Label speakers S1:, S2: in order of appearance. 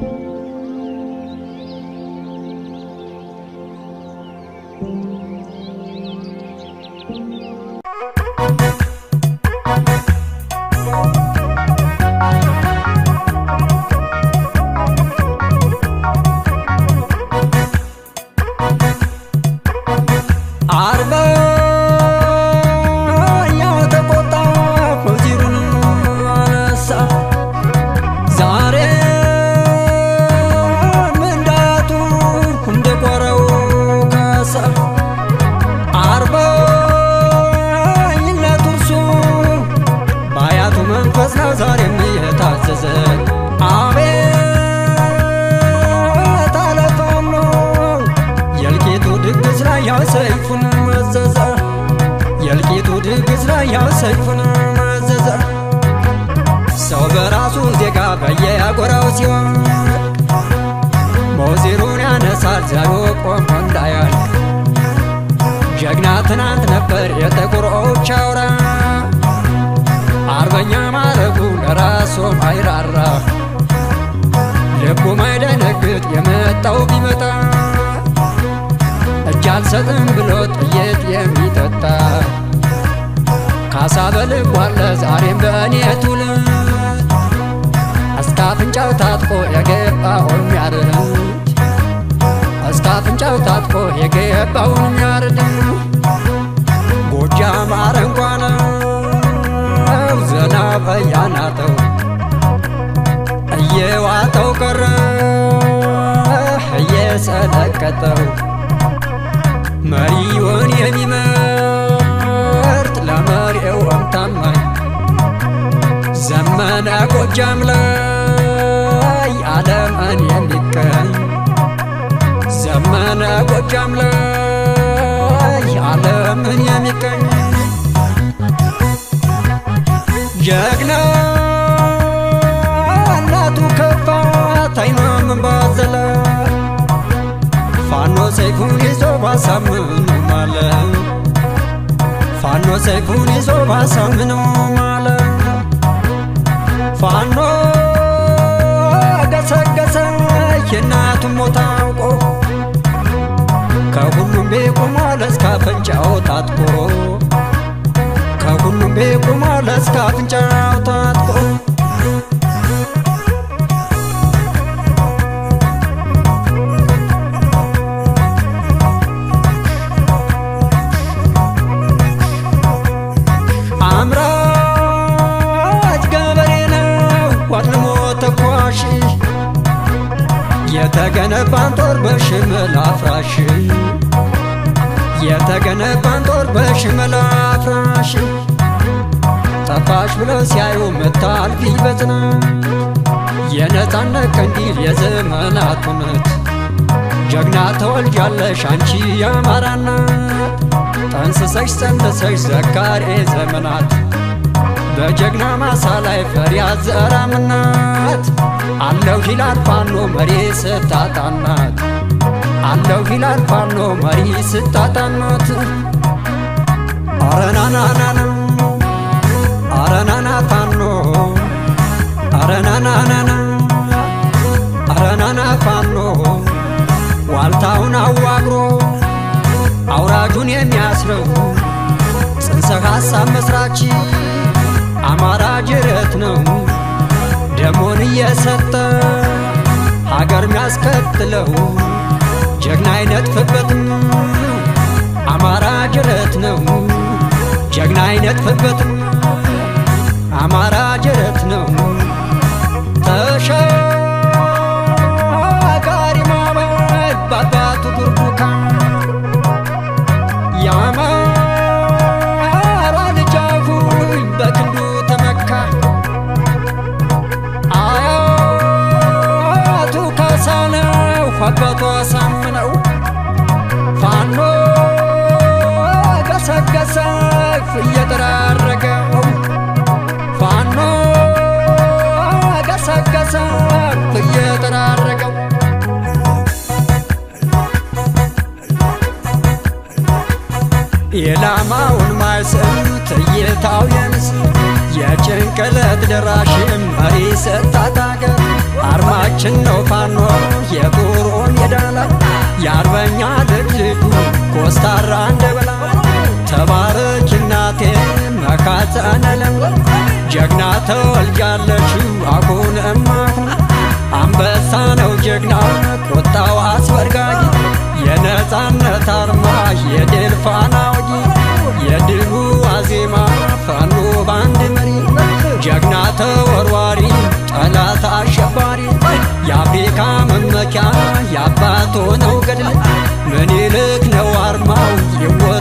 S1: you hunde qora'uu kaasa arbaa ይላ ቱርሱ መንፈስ ነው ዛሬም እየታዘዘ አቤት አለቶም ነው ድግስ ላይ ያው ሰይፉን መዘዘ የእልቂቱ ድግስ ላይ ያው ሰይፉን መዘዘ ሰው በራሱ ዜጋ በየአጎራው ሲሆን ቆሞ ጀግና ትናንት ነበር የጥቁሮች አውራ አርበኛ ማረጉ ለራሱ አይራራ ልቡ ማይደነግጥ የመጣው ቢመጣ እጅ አልሰጥም ብሎ ጥይት የሚጠጣ ካሳ በልብ ዋለ ዛሬም በእኔ ትውልድ እስከ አፍንጫው ታጥቆ የገባ ኦርሚያርህ እስከ አፍንጫው ታጥቆ የገባውን ያርድ ጎጃም አረንጓ ነው ዘና በያናጠው እየዋጠው ቀረ እየሰለቀጠው መሪውን የሚመርጥ ለመሪው አምታማኝ ዘመነ ጎጃም ላይ ዓለምን የሚቀኝ በጎጃም ላይ ዓለምን የሚቀኝ ጀግና እናቱ ከፋት አይኗም ባዘለ ፋኖ ሰይፉን ይዞ ባሳምኑ ማለ ፋኖ ሰይፉን ይዞ ባሳምኑ ማለ ፋኖ ቤ ቁሟል እስከ አፍንጫው ታጥቆ ከሁሉም ቁሟል እስከ አፍንጫው ታጥቆ የተገነባን ጦር በሽመል አፍራሽ የተገነባን ጦር በሽመላ ፍራሽ ጠፋሽ ብለው ሲያዩ መታልፊ በዝና የነፃነት ቀንዲል የዘመናት እውነት ጀግና ተወልጃለሽ አንቺ የአማራና ጠንስሰሽ ጸንሰሽ ዘካሬ ዘመናት በጀግና ማሳ ላይ ፈሪያ ዘራምናት አለው ሂላል ፋኖ መሬ ስታጣናት አለው ይላል ፋኖ መሪ ስታጣኖት አረናናናና አረናና ፋኖ አረናናናና አረናና ፋኖ ዋልታውን አዋግሮ አውራጁን የሚያስረው ጽንሰ ሐሳብ መስራች አማራ ጅረት ነው ደሞን እየሰጠ ሀገር ሚያስከትለው ጀግና አይነጥፍበት አማራ ጅረት ነው። ጀግና አማራ ጀረት ነው። ተሻጋሪ ማመድ በአባቱ ቱርቡካ የአማራ ልጅ በክንዱ ተመካ። አያቱ አባቱ አሳ ዓላማውን ማይሰሉ እይታው የምስል የጭንቅለት ደራሽ መሪ ስታታገ አርማችን ነው ፋኖ የጦሮን የዳላ የአርበኛ ድርጅቱ ኮስታራ እንደበላ ተባረች እናቴ መካተነ ለምለ ጀግና ተወልጃለች አሁን እማሁን አንበሳ ነው ጀግና ቆጣው አስፈርጋጊ የነፃነት አርማ የድል ፋና መመኪያ የአባቶ ነው ገድል ምን ይልቅ ነው አርማው ይወ